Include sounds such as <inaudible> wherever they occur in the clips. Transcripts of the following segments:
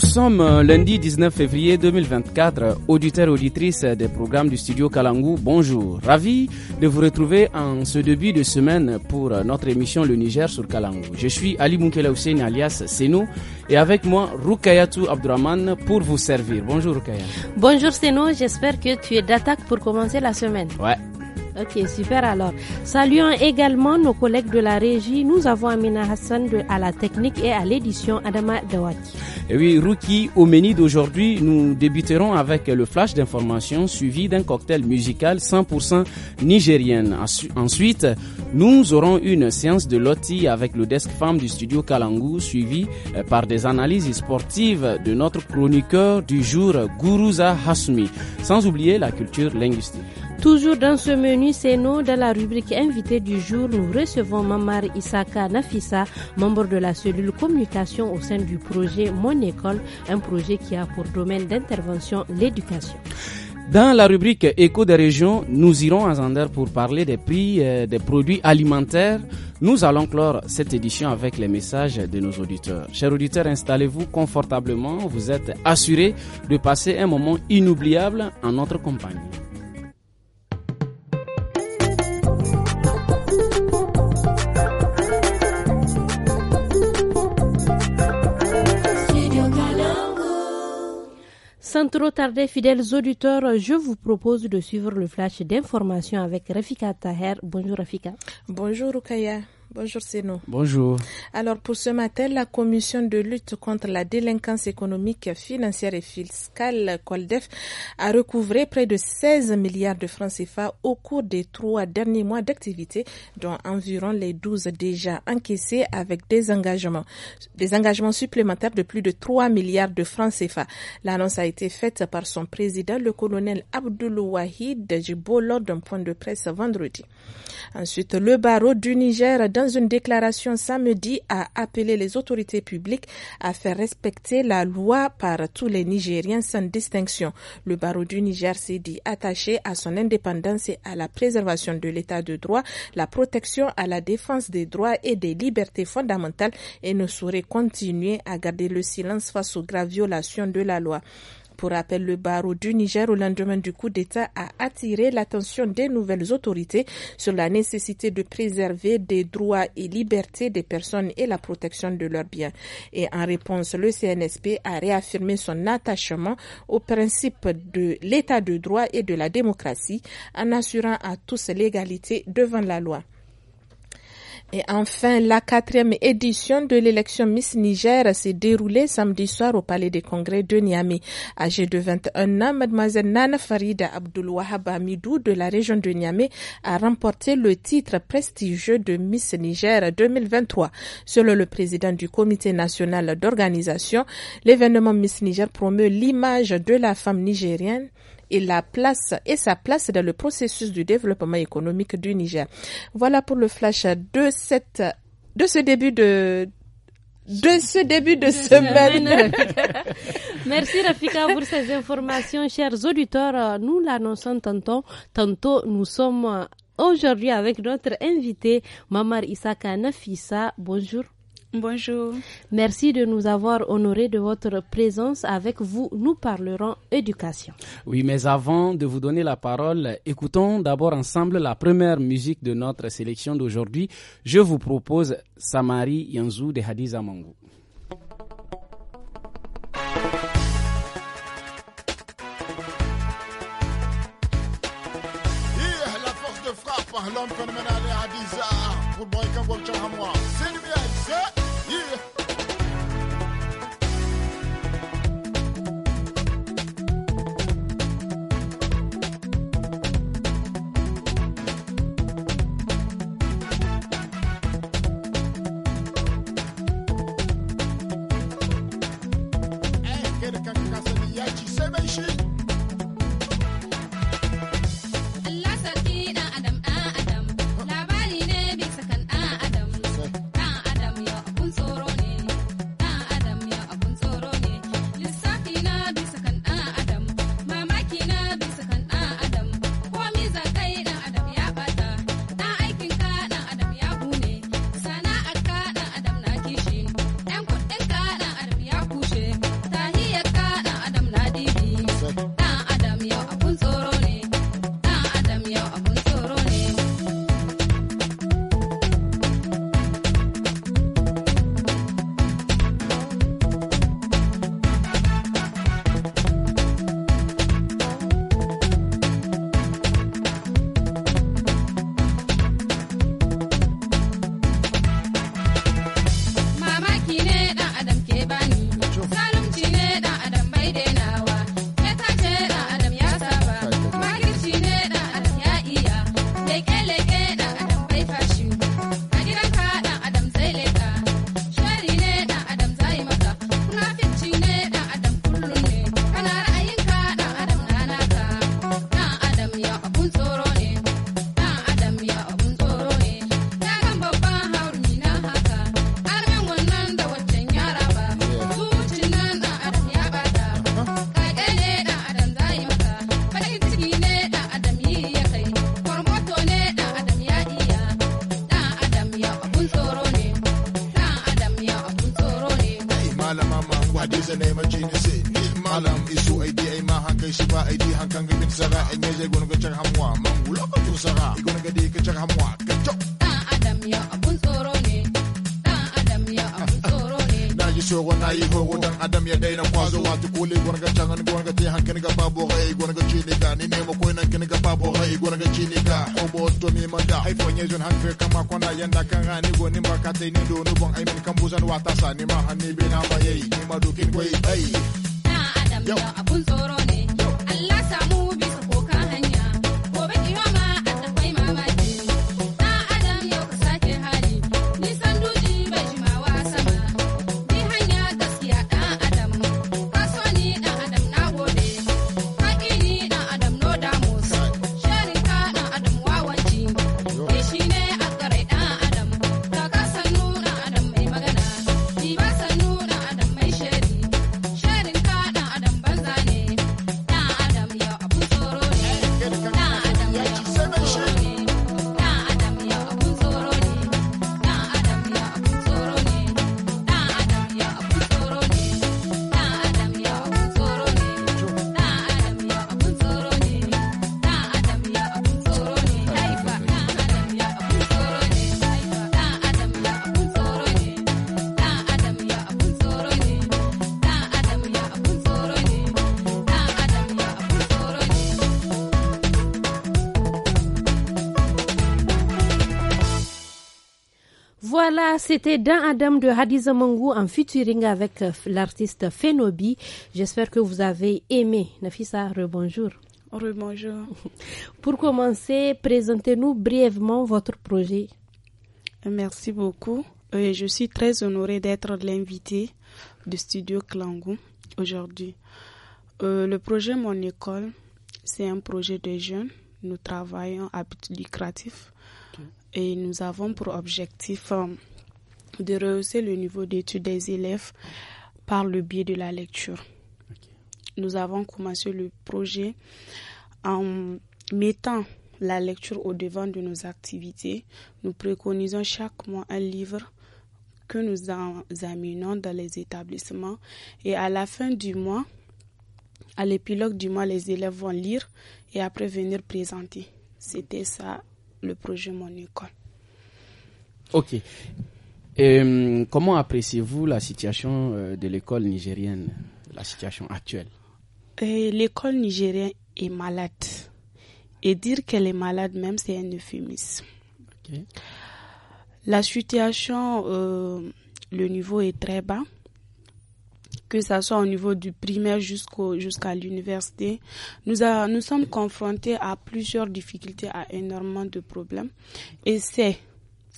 Nous sommes euh, lundi 19 février 2024. Auditeurs, auditrices des programmes du studio Kalangou, bonjour. Ravi de vous retrouver en ce début de semaine pour euh, notre émission Le Niger sur Kalangou. Je suis Ali Moukela Hussein alias Senou, et avec moi Rukayatou Abdurrahman pour vous servir. Bonjour Rukayatou. Bonjour Senou, j'espère que tu es d'attaque pour commencer la semaine. Ouais, Ok, super alors. Saluons également nos collègues de la régie. Nous avons Amina Hassan à la technique et à l'édition Adama Dawaki. Et oui, Ruki, au menu d'aujourd'hui, nous débuterons avec le flash d'information suivi d'un cocktail musical 100% nigérienne. Ensuite, nous aurons une séance de loti avec le desk femme du studio Kalangu suivi euh, par des analyses sportives de notre chroniqueur du jour, Guruza Hasmi. Sans oublier la culture linguistique. Toujours dans ce menu, c'est nous, dans la rubrique invité du jour, nous recevons Mamar Isaka Nafissa, membre de la cellule communication au sein du projet Mon École, un projet qui a pour domaine d'intervention l'éducation. Dans la rubrique Écho des régions, nous irons à Zander pour parler des prix euh, des produits alimentaires. Nous allons clore cette édition avec les messages de nos auditeurs. Chers auditeurs, installez-vous confortablement. Vous êtes assurés de passer un moment inoubliable en notre compagnie. Sans trop tarder, fidèles auditeurs, je vous propose de suivre le flash d'information avec Rafika Taher. Bonjour Rafika. Bonjour Rukaya. Bonjour nous Bonjour. Alors pour ce matin, la commission de lutte contre la délinquance économique, financière et fiscale, COLDEF, a recouvré près de 16 milliards de francs CFA au cours des trois derniers mois d'activité, dont environ les 12 déjà encaissés avec des engagements, des engagements supplémentaires de plus de 3 milliards de francs CFA. L'annonce a été faite par son président, le colonel Abdul Wahid Djibo, lors d'un point de presse vendredi. Ensuite, le barreau du Niger dans dans une déclaration samedi, a appelé les autorités publiques à faire respecter la loi par tous les Nigériens sans distinction. Le barreau du Niger s'est dit attaché à son indépendance et à la préservation de l'état de droit, la protection à la défense des droits et des libertés fondamentales et ne saurait continuer à garder le silence face aux graves violations de la loi. Pour rappel, le barreau du Niger au lendemain du coup d'État a attiré l'attention des nouvelles autorités sur la nécessité de préserver des droits et libertés des personnes et la protection de leurs biens. Et en réponse, le CNSP a réaffirmé son attachement au principe de l'état de droit et de la démocratie en assurant à tous l'égalité devant la loi. Et enfin, la quatrième édition de l'élection Miss Niger s'est déroulée samedi soir au Palais des Congrès de Niamey. Âgée de 21 ans, mademoiselle Nana Farida Abdul Wahab Amidou de la région de Niamey a remporté le titre prestigieux de Miss Niger 2023. Selon le président du comité national d'organisation, l'événement Miss Niger promeut l'image de la femme nigérienne et la place et sa place dans le processus du développement économique du Niger. Voilà pour le flash de cette de ce début de de ce début de, <laughs> semaine. <laughs> Merci Rafika pour ces informations, chers auditeurs. Nous l'annonçons tantôt. Tantôt, nous sommes aujourd'hui avec notre invité, Mamar Issa Nafissa. Bonjour. Bonjour. Merci de nous avoir honorés de votre présence. Avec vous, nous parlerons éducation. Oui, mais avant de vous donner la parole, écoutons d'abord ensemble la première musique de notre sélection d'aujourd'hui. Je vous propose Samari Yanzou de Hadiza Mangou. la de l'homme animal. c'était Dan Adam de Hadiza Mangou en featuring avec euh, l'artiste Fenobi. J'espère que vous avez aimé. Nafisa, rebonjour. Rebonjour. <laughs> Pour commencer, présentez-nous brièvement votre projet. Merci beaucoup. Euh, je suis très honorée d'être l'invité du studio Klangou aujourd'hui. Euh, le projet Mon École, c'est un projet de jeunes. Nous travaillons à but lucratif et nous avons pour objectif de rehausser le niveau d'études des élèves par le biais de la lecture. Nous avons commencé le projet en mettant la lecture au devant de nos activités. Nous préconisons chaque mois un livre que nous examinons dans les établissements et à la fin du mois, à l'épilogue du mois, les élèves vont lire et après venir présenter. C'était ça le projet Mon École. Ok. Et hum, comment appréciez-vous la situation euh, de l'école nigérienne, la situation actuelle euh, L'école nigérienne est malade. Et dire qu'elle est malade, même, c'est un euphémisme. La situation, euh, le niveau est très bas. Que ce soit au niveau du primaire jusqu'au, jusqu'à l'université, nous, nous sommes confrontés à plusieurs difficultés, à énormément de problèmes. Et c'est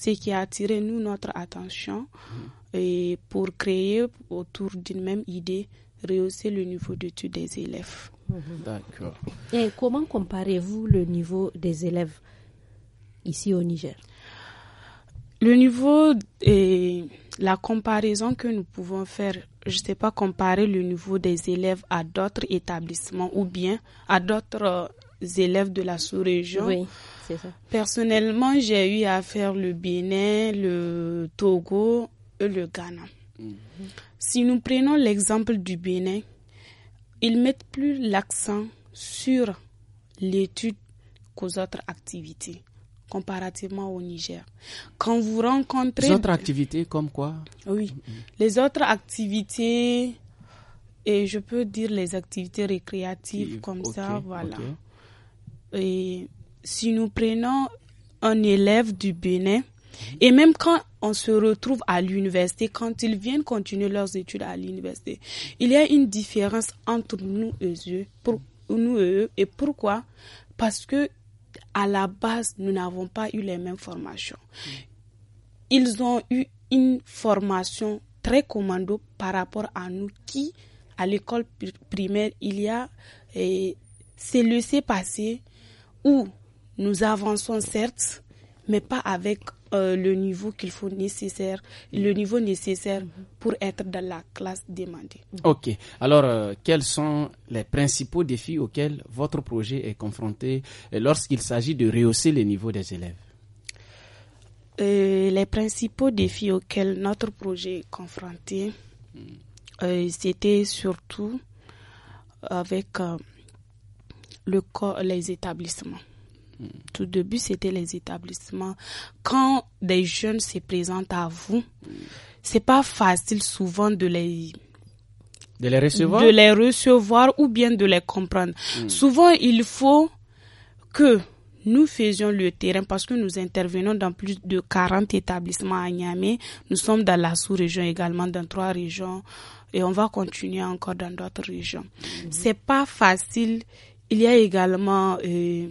ce qui a attiré nous notre attention mm-hmm. et pour créer autour d'une même idée rehausser le niveau d'études des élèves. Mm-hmm. D'accord. Et comment comparez-vous le niveau des élèves ici au Niger Le niveau et la comparaison que nous pouvons faire, je ne sais pas comparer le niveau des élèves à d'autres établissements ou bien à d'autres euh, élèves de la sous-région. Oui. Personnellement, j'ai eu à faire le Bénin, le Togo et le Ghana. Mhm. Si nous prenons l'exemple du Bénin, ils mettent plus l'accent sur l'étude qu'aux autres activités comparativement au Niger. Quand vous rencontrez... Les autres activités comme quoi Oui, mm-hmm. les autres activités, et je peux dire les activités récréatives comme ça, voilà. Et si nous prenons un élève du Bénin, et même quand on se retrouve à l'université, quand ils viennent continuer leurs études à l'université, il y a une différence entre nous et eux. Pour, nous et, eux, et pourquoi Parce que à la base, nous n'avons pas eu les mêmes formations. Ils ont eu une formation très commando par rapport à nous qui, à l'école primaire, il y a, c'est laissé passer où nous avançons certes, mais pas avec euh, le niveau qu'il faut nécessaire, le niveau nécessaire pour être dans la classe demandée. Ok. Alors, euh, quels sont les principaux défis auxquels votre projet est confronté euh, lorsqu'il s'agit de rehausser les niveaux des élèves Les principaux défis auxquels notre projet est confronté, hmm. c'était surtout avec le corps, les établissements. Tout début, c'était les établissements. Quand des jeunes se présentent à vous, c'est pas facile souvent de les les recevoir de les recevoir ou bien de les comprendre. Hmm. Souvent, il faut que nous faisions le terrain parce que nous intervenons dans plus de 40 établissements à Niamey. Nous sommes dans la sous-région également, dans trois régions et on va continuer encore dans d'autres régions. Hmm. C'est pas facile. Il y a également euh,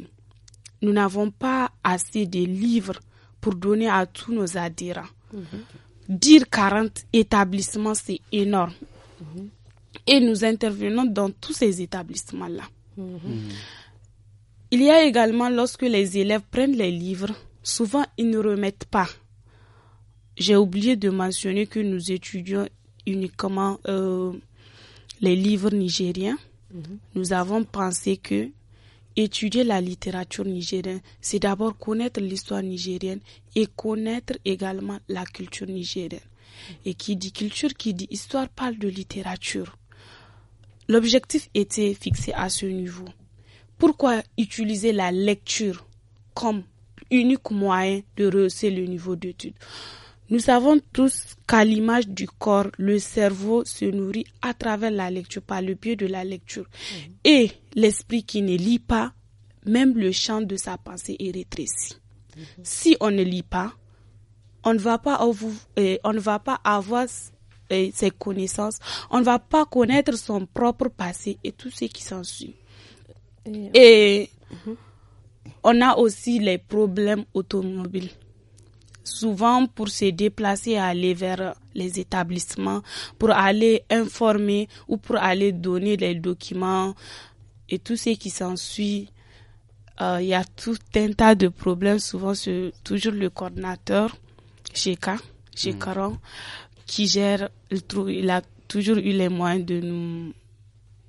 nous n'avons pas assez de livres pour donner à tous nos adhérents. Dire 40 établissements, c'est énorme. Et nous intervenons dans tous ces établissements-là. Il y a également lorsque les élèves prennent les livres, souvent ils ne remettent pas. J'ai oublié de mentionner que nous étudions uniquement euh, les livres nigériens. Nous avons pensé que étudier la littérature nigérienne, c'est d'abord connaître l'histoire nigérienne et connaître également la culture nigérienne. Et qui dit culture, qui dit histoire, parle de littérature. L'objectif était fixé à ce niveau. Pourquoi utiliser la lecture comme unique moyen de rehausser le niveau d'étude nous savons tous qu'à l'image du corps, le cerveau se nourrit à travers la lecture, par le biais de la lecture. Mm-hmm. Et l'esprit qui ne lit pas, même le champ de sa pensée est rétréci. Mm-hmm. Si on ne lit pas, on ne va pas, avoir, euh, euh, ses connaissances, on ne va pas connaître son propre passé et tout ce qui s'ensuit. Et mm-hmm. on a aussi les problèmes automobiles souvent pour se déplacer aller vers les établissements, pour aller informer ou pour aller donner les documents et tout ce qui s'ensuit. Euh, il y a tout un tas de problèmes, souvent c'est toujours le coordinateur, chez K, mm. qui gère, il, il a toujours eu les moyens de nous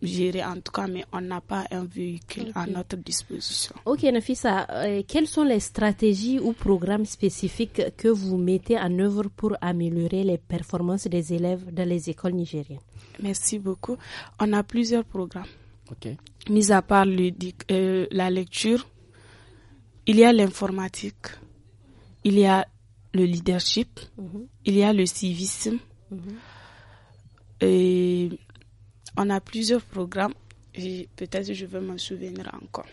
gérer en tout cas, mais on n'a pas un véhicule à notre disposition. Ok, Nafisa, euh, quelles sont les stratégies ou programmes spécifiques que vous mettez en œuvre pour améliorer les performances des élèves dans les écoles nigériennes Merci beaucoup. On a plusieurs programmes. Ok. Mis à part le, euh, la lecture, il y a l'informatique, il y a le leadership, mhm. il y a le civisme. Mhm. Et on a plusieurs programmes et peut-être je vais m'en souvenir encore.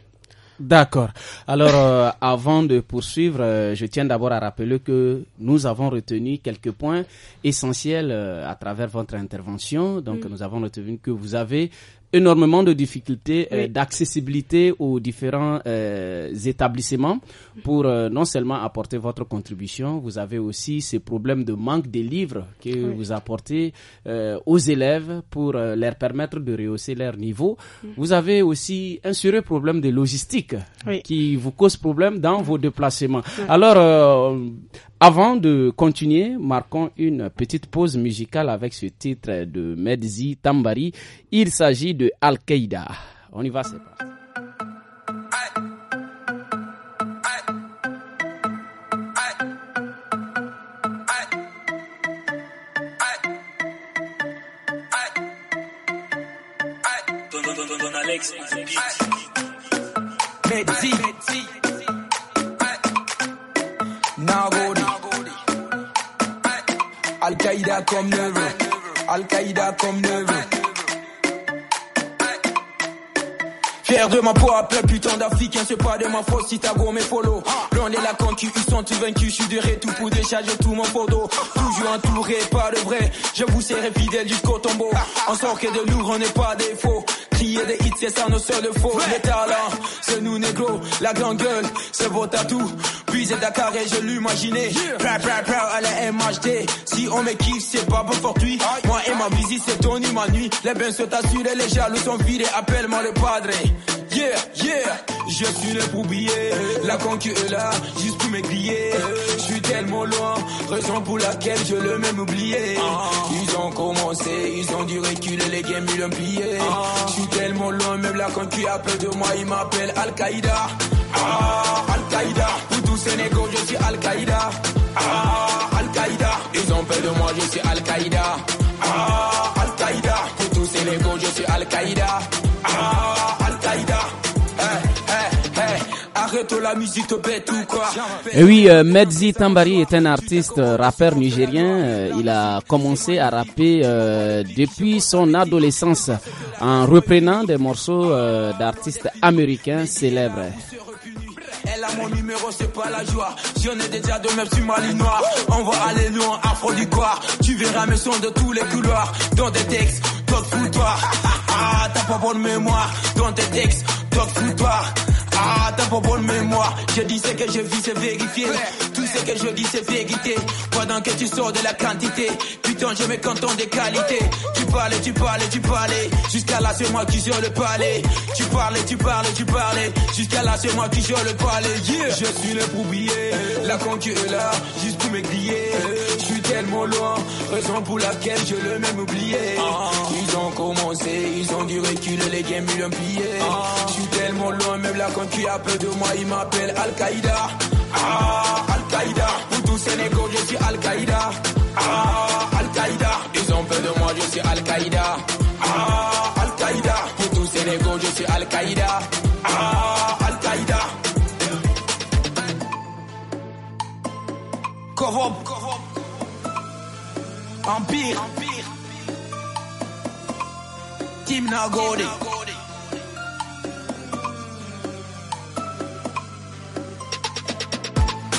D'accord. Alors, euh, avant de poursuivre, euh, je tiens d'abord à rappeler que nous avons retenu quelques points essentiels euh, à travers votre intervention. Donc, mm. nous avons retenu que vous avez énormément de difficultés euh, d'accessibilité aux différents euh, établissements pour euh, non seulement apporter votre contribution, vous avez aussi ces problèmes de manque des livres que vous apportez aux élèves pour leur permettre de rehausser leur niveau. Mm. Vous avez aussi un sérieux problème de logistique qui vous cause problème dans vos déplacements. Alors, avant de continuer, marquons une petite pause musicale avec ce titre de Medzi Tambari. Il s'agit de Al-Qaïda. On y va, c'est parti. Al-Qaïda comme neveu. Al-Qaïda comme neveu. Fier de ma poids, peuple putain d'Africains, c'est pas de ma faute si t'as gros mes follow. L'on est là quand tu y sens, tu vaincu, je suis de tout pour décharger tout mon photo. Toujours entouré, pas de vrai, je vous serai fidèle jusqu'au tombeau. En sort que de nous, on n'est pas des faux crier des hits, c'est ça nos seuls faux. Les talents, c'est nous négro, la grande gueule, c'est vos tatoues. Puis Dakar et je l'imaginais. Yeah. Pra, pra, allez à la MHD. Si on me kiffe, c'est pas bon fortuit. Moi et ma visite, c'est ton ma nuit. Les bains sont assurés, les jaloux sont virés, appelle-moi le padre. Yeah, yeah, je suis le pour La concu est là, juste pour m'aiguiller. Je suis tellement loin, raison pour laquelle je le même oublié. Ils ont commencé, ils ont dû reculer, les games ils l'ont plié. Je suis tellement loin, même la concu appelle de moi, il m'appelle Al-Qaïda. Ah, Al-Qaïda, pour tout Sénégal, je suis Al-Qaïda. Ah, Al-Qaïda, ils ont peur de moi, je suis Al-Qaïda. Ah, Al-Qaïda, pour tous Sénégal, je suis Al-Qaïda. Ah, al Arrête la musique bête ou quoi Et eh oui, mezzi euh, Medzi Tambari est un artiste euh, rappeur nigérien. Euh, il a commencé à rapper depuis son adolescence en reprenant des morceaux d'artistes américains célèbres. Elle a mon numéro, c'est pas la joie. J'en ai déjà de même si malinois. On va aller loin, afro du Tu verras mes sons de tous les couloirs. Dans des textes, d'autres foutoirs. Ah, t'as pas bonne mémoire dans tes textes, donc fous-toi. Ah, t'as pas bonne mémoire. Je dis ce que je vis, c'est vérifié. Tout ce que je dis, c'est vérité. Pendant que tu sors de la quantité, putain, je me contente des qualités. Tu parlais, tu parlais, tu parlais Jusqu'à là, c'est moi qui sur le palais. Tu parlais, tu parlais, tu parlais Jusqu'à là, c'est moi qui je le palais. Yeah. Je suis le brouillé, la conque là, juste pour me loin. Raison pour laquelle je l'ai même oublié. Ah. Ils ont commencé, ils ont dû reculer, les games, l'ont pillé. Ah. Je suis tellement loin, même là quand tu as peu de moi, ils m'appellent Al-Qaïda. Ah, Al-Qaïda. Pour tous Sénégal, je suis Al-Qaïda. Ah, Al-Qaïda. Ils ont peur de moi, je suis Al-Qaïda. Ah, Al-Qaïda. Pour tous Sénégal, je suis Al-Qaïda. Ah, Al-Qaïda. Corromp, Empire. Empire. Team Nagori,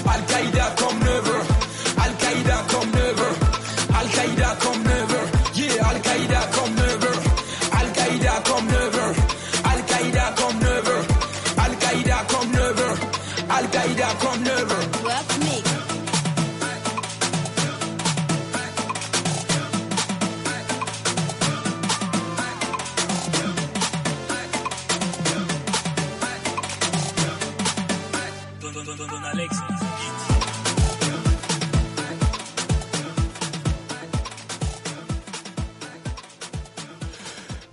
Al-Qaïda comme neveu. Al-Qaïda comme neveu.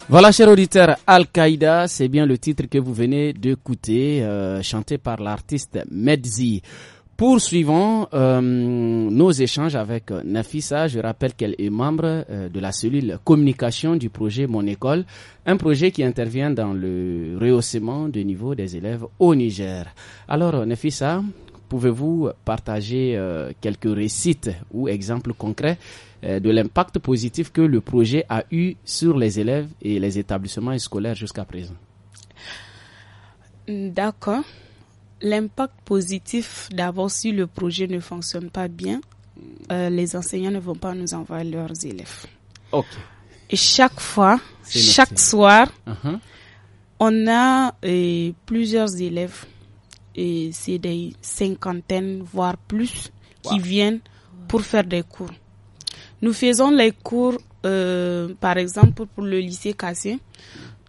Voilà, cher auditeur, Al-Qaïda, c'est bien le titre que vous venez d'écouter, euh, chanté par l'artiste Medzi. Poursuivons euh, nos échanges avec euh, Nafissa. Je rappelle qu'elle est membre euh, de la cellule communication du projet Mon École, un projet qui intervient dans le rehaussement du niveau des élèves au Niger. Alors Nafissa, pouvez-vous partager quelques récits ou exemples concrets de l'impact positif que le projet a eu sur les élèves et les établissements scolaires jusqu'à présent D'accord l'impact positif d'abord si le projet ne fonctionne pas bien, euh, les enseignants ne vont pas nous envoyer leurs élèves. Et chaque fois, chaque soir, uh-huh. on a euh, plusieurs élèves, et c'est des cinquantaines, voire plus, qui viennent pour faire des cours. Nous faisons les cours, euh, par exemple, pour le lycée Cassé,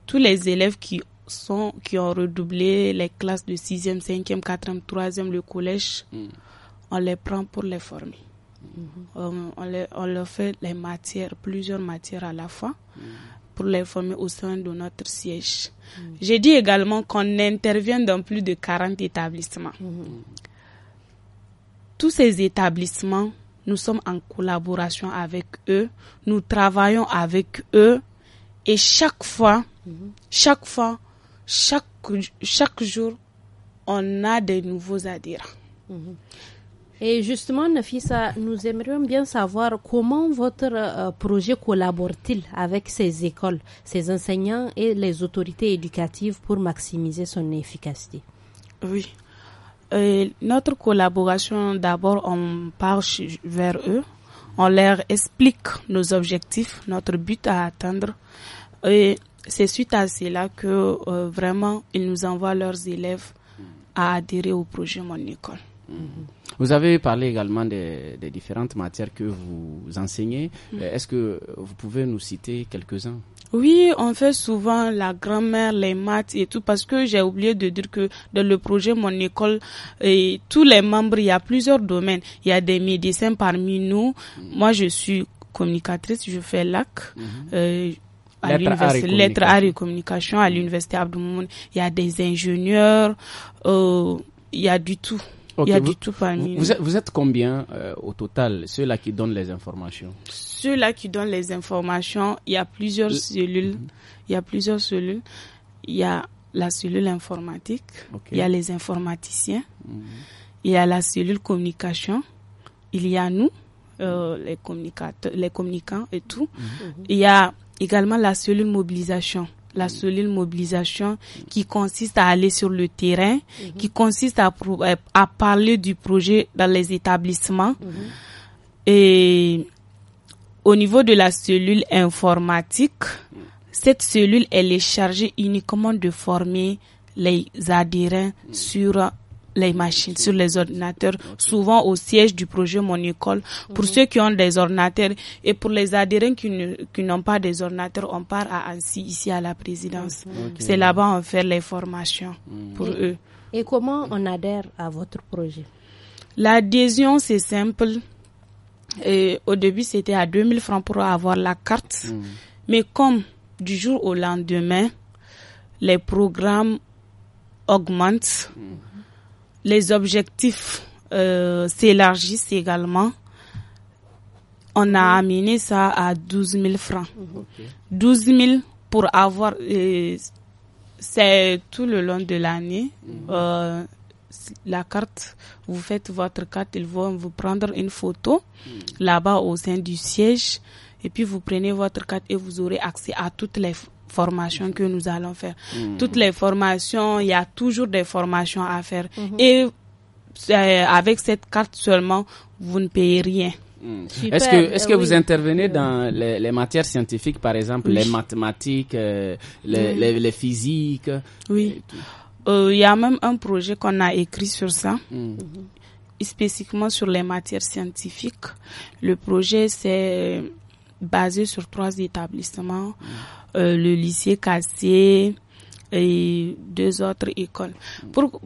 tous les élèves qui sont, qui ont redoublé les classes de 6e, 5e, 4e, 3e, le collège, mm. on les prend pour les former. Mm-hmm. Euh, on, les, on, leur fait les matières, plusieurs matières à la fois, mm. pour les former au sein de notre siège. Mm. J'ai dit également qu'on intervient dans plus de 40 établissements. Mm-hmm. Tous ces établissements, nous sommes en collaboration avec eux, nous travaillons avec eux, et chaque fois, mm-hmm. chaque fois, chaque, chaque jour, on a des nouveaux à dire. Mhm. Et justement, Nafisa, nous aimerions bien savoir comment votre euh, projet collabore-t-il avec ces écoles, ces enseignants et les autorités éducatives pour maximiser son efficacité. Oui. Euh, notre collaboration, d'abord, on part vers eux, on leur explique nos objectifs, notre but à atteindre. Et c'est suite à cela que euh, vraiment ils nous envoient leurs élèves à adhérer au projet Mon École. Mm-hmm. Vous avez parlé également des, différentes matières que vous enseignez. Mm-hmm. Euh, est-ce que vous pouvez nous citer quelques-uns Oui, on fait souvent la grammaire, les maths et tout, parce que j'ai oublié de dire que dans le projet Mon École, et tous les membres, il y a plusieurs domaines. Il y a des médecins parmi nous. Mm-hmm. Moi, je suis communicatrice, je fais LAC. Euh, à l'université, lettres, arts communication, à l'université Abdoumoun. Il y a des ingénieurs, il y a du tout. il y a vous, du tout parmi vous, êtes, vous êtes combien au total, ceux-là qui donnent les informations Ceux-là qui donnent les informations, il y a plusieurs cellules. Il y a plusieurs cellules. Il y a la cellule informatique, il y a les informaticiens, il y a la cellule communication, il y a nous, les, communicateurs, les communicants et tout. Il y a également la cellule mobilisation la mm. cellule mobilisation qui consiste à aller sur le terrain, mm-hmm. qui consiste à, parler du projet dans les établissements. Mm-hmm. Et au niveau de la cellule informatique, cette cellule, elle est chargée uniquement de former les adhérents mm. sur les machines, sur les ordinateurs, souvent au siège du projet Mon École. Pour mhm. ceux qui ont des ordinateurs et pour les adhérents qui, n'ont pas des ordinateurs, on part à Annecy, ici à la présidence. Mhm. C'est là-bas on fait les formations mhm. pour eux. Et comment on adhère à votre projet L'adhésion, c'est simple. Et au début, c'était à 2000 francs pour avoir la carte. Mais comme du jour au lendemain, les programmes augmentent les objectifs euh, s'élargissent également. On a amené ça à 12 000 francs. 12 000 pour avoir, euh, c'est tout le long de l'année. Mhm. Euh, la carte, vous faites votre carte, ils vont vous prendre une photo mhm. là-bas au sein du siège et puis vous prenez votre carte et vous aurez accès à toutes les formation que nous allons faire. Mhm. Toutes les formations, il y a toujours des formations à faire. Mhm. Et euh, avec cette carte seulement, vous ne payez rien. Mhm. Est-ce que, est-ce que euh, vous intervenez euh. dans les, matières scientifiques, par exemple, les mathématiques, les, les, physiques Oui. Il y a même un projet qu'on a écrit sur ça, spécifiquement sur les matières scientifiques. Le projet, c'est basé sur trois établissements. Euh, le lycée cassé et deux autres écoles.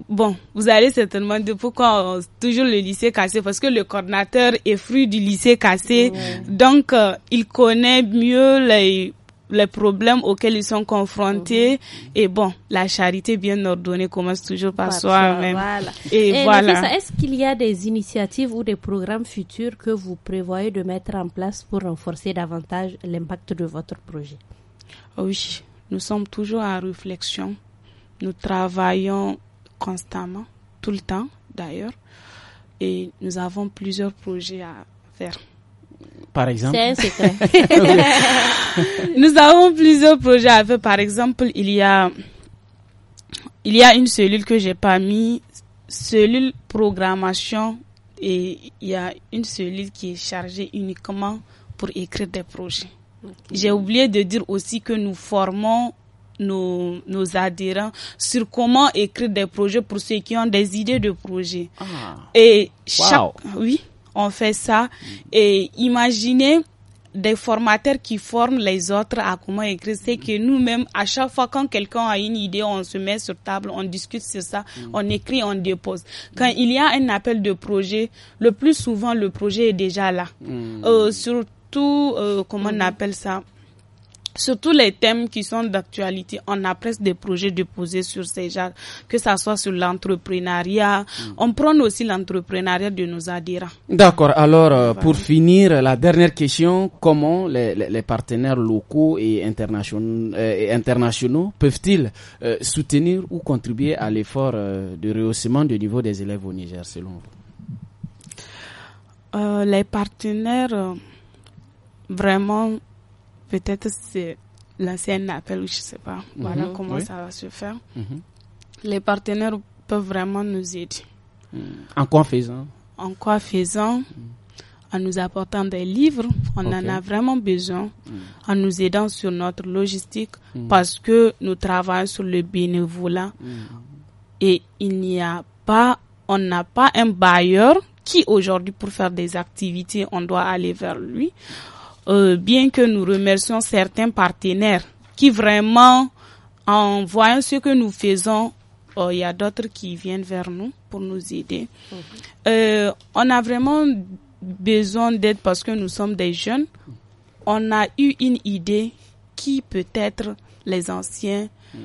bon, vous allez certainement dire pourquoi toujours le lycée cassé, parce que le coordinateur est fruit du lycée cassé, donc euh, il connaît mieux les les problèmes auxquels ils sont confrontés. Mhm. Et bon, la charité bien ordonnée commence toujours par soi-même. Et, voilà. Est-ce qu'il y a des initiatives ou des programmes futurs que vous prévoyez de mettre en place pour renforcer davantage l'impact de votre projet? Oui, nous sommes toujours en réflexion. Nous travaillons constamment, tout le temps d'ailleurs, et nous avons plusieurs projets à faire. Par exemple C'est secret. <laughs> nous avons plusieurs projets à faire. Par exemple, il y a, il y a une cellule que j'ai pas mis, cellule programmation, et il y a une cellule qui est chargée uniquement pour écrire des projets. J'ai oublié de dire aussi que nous formons nos, nos, adhérents sur comment écrire des projets pour ceux qui ont des idées de projets. Ah. Et chaque, oui, on fait ça. Mm. Et imaginez des formateurs qui forment les autres à comment écrire. C'est mm. que nous-mêmes, à chaque fois quand quelqu'un a une idée, on se met sur table, on discute sur ça, mm. on écrit, on dépose. Quand il y a un appel de projet, le plus souvent, le projet est déjà là. Euh, sur tout, euh, comment on mhm. appelle ça Surtout les thèmes qui sont d'actualité, on a presque des projets déposés sur ces genres, que ça soit sur l'entrepreneuriat. Mhm. On prend aussi l'entrepreneuriat de nos adhérents. D'accord. Alors, euh, pour finir, la dernière question comment les, partenaires locaux et internationaux, euh, internationaux peuvent-ils soutenir ou contribuer à l'effort de rehaussement du niveau des élèves au Niger, selon vous Les partenaires vraiment, peut-être c'est lancer un appel, je sais pas. Mhm. Voilà comment ça va se faire. Mhm. Les partenaires peuvent vraiment nous aider. Mhm. En quoi faisant En quoi faisant En nous apportant des livres, on en a vraiment besoin. En nous aidant sur notre logistique, parce que nous travaillons sur le bénévolat. Et il n'y a pas, on n'a pas un bailleur qui aujourd'hui, pour faire des activités, on doit aller vers lui. Euh, bien que nous remercions certains partenaires qui vraiment, en voyant ce que nous faisons, euh, il y a d'autres qui viennent vers nous pour nous aider. Mhm. Euh, on a vraiment besoin d'aide parce que nous sommes des jeunes. On a eu une idée qui peut-être les anciens mhm.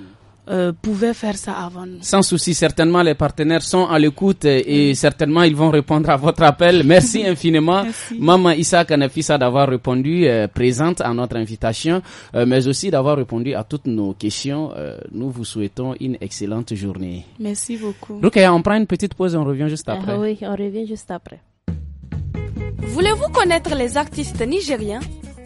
Euh, pouvait faire ça avant nous. Sans souci, certainement, les partenaires sont à l'écoute et certainement, ils vont répondre à votre appel. Merci <laughs> infiniment, Maman Issa ça d'avoir répondu euh, présente à notre invitation, euh, mais aussi d'avoir répondu à toutes nos questions. nous vous souhaitons une excellente journée. Merci beaucoup. Ok, on prend une petite pause et on revient juste ah, après. oui, on revient juste après. Voulez-vous connaître les artistes nigériens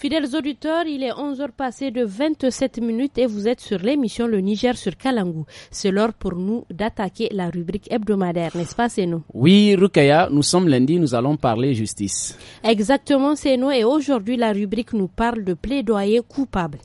Fidèles auditeurs, il est 11 heures passé de 27 minutes et vous êtes sur l'émission Le Niger sur Kalangou. C'est l'heure pour nous d'attaquer la rubrique hebdomadaire, n'est-ce pas Seno Oui, Rukaya, nous sommes lundi, nous allons parler justice. Exactement nous et aujourd'hui la rubrique nous parle de plaidoyer coupable.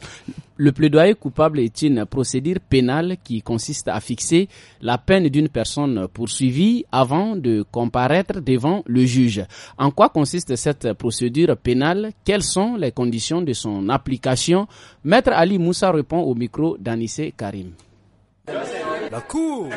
Le plaidoyer coupable est une procédure pénale qui consiste à fixer la peine d'une personne poursuivie avant de comparaître devant le juge. En quoi consiste cette procédure pénale Quelles sont les conditions de son application Maître Ali Moussa répond au micro d'Anissé Karim. La Cour.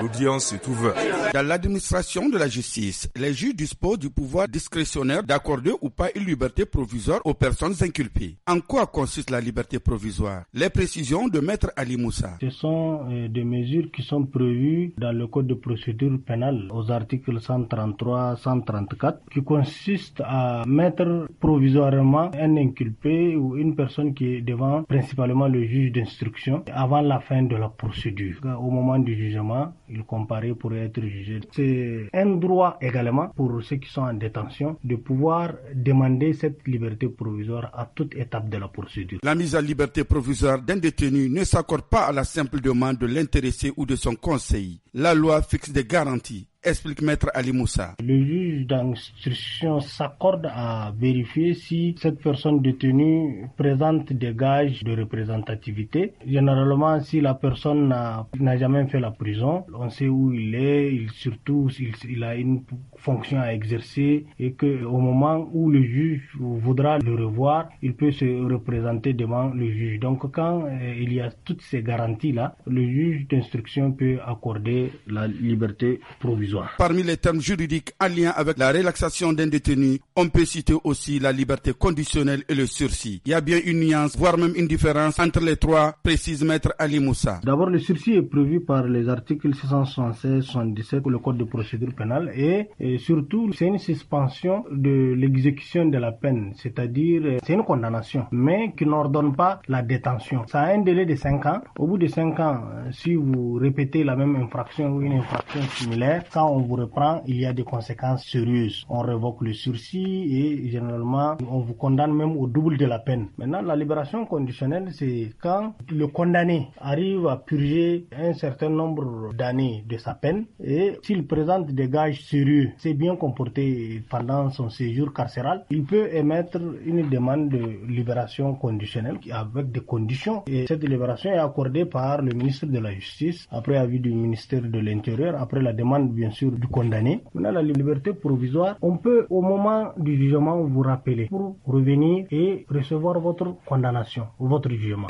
L'audience est ouverte. Dans l'administration de la justice, les juges disposent du pouvoir discrétionnaire d'accorder ou pas une liberté provisoire aux personnes inculpées. En quoi consiste la liberté provisoire Les précisions de Maître Ali Moussa. Ce sont euh, des mesures qui sont prévues dans le Code de procédure pénale aux articles 133, 134, qui consistent à mettre provisoirement un inculpé ou une personne qui est devant principalement le juge d'instruction avant la fin de la procédure. Euh, au moment du jugement, il comparait pour être jugé. C'est un droit également pour ceux qui sont en détention de pouvoir demander cette liberté provisoire à toute étape de la procédure. La mise à liberté provisoire d'un détenu ne s'accorde pas à la simple demande de l'intéressé ou de son conseil. La loi fixe des garanties explique Maître Ali Moussa. Le juge d'instruction s'accorde à vérifier si cette personne détenue présente des gages de représentativité. Généralement, si la personne n'a jamais fait la prison, on sait où il est, il, surtout s'il a une fonction à exercer et qu'au moment où le juge voudra le revoir, il peut se représenter devant le juge. Donc quand euh, il y a toutes ces garanties-là, le juge d'instruction peut accorder la liberté provisoire. Parmi les termes juridiques en lien avec la relaxation d'un détenu, on peut citer aussi la liberté conditionnelle et le sursis. Il y a bien une nuance, voire même une différence entre les trois, précise maître Ali Moussa. D'abord, le sursis est prévu par les articles 676, 77 pour le code de procédure pénale et, et surtout, c'est une suspension de l'exécution de la peine, c'est-à-dire euh, c'est une condamnation, mais qui n'ordonne pas la détention. Ça a un délai de 5 ans. Au bout de 5 ans, euh, si vous répétez la même infraction ou une infraction similaire, quand on vous reprend, il y a des conséquences sérieuses. On révoque le sursis et généralement, on vous condamne même au double de la peine. Maintenant, la libération conditionnelle, c'est quand le condamné arrive à purger un certain nombre d'années de sa peine et s'il présente des gages sérieux, s'est bien comporté pendant son séjour carcéral, il peut émettre une demande de libération conditionnelle avec des conditions. Et cette libération est accordée par le ministre de la Justice, après avis du ministère de l'Intérieur, après la demande bien bien sûr du condamné. On a la liberté provisoire, on peut au moment du jugement vous rappeler pour revenir et recevoir votre condamnation, votre jugement.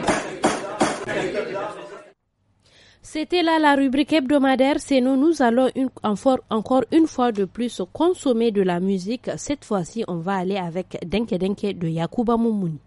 C'était là la rubrique hebdomadaire. C'est nous, nous allons une, encore, encore, une fois de plus consommer de la musique. Cette fois-ci, on va aller avec Denke Denke de Yakuba Moumouni.